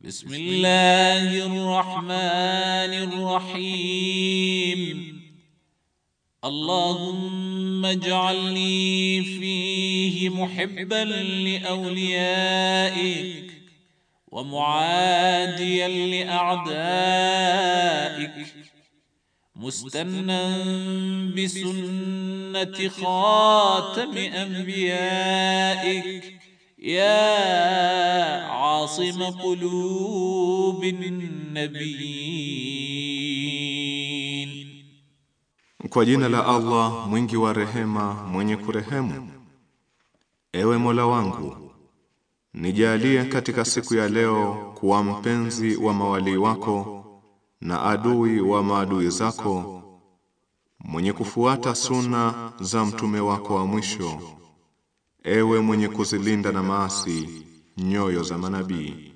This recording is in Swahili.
بسم الله الرحمن الرحيم اللهم اجعلني فيه محبا لأوليائك ومعاديا لأعدائك مستنا بسنة خاتم أنبيائك يا عاصم قلوب النبيين Kwa jina la Allah mwingi wa rehema mwenye kurehemu Ewe Mola wangu nijalie katika siku ya leo kuwa mpenzi wa mawali wako na adui wa maadui zako mwenye kufuata suna za mtume wako wa mwisho ewe mwenye kuzilinda na maasi nyoyo za manabii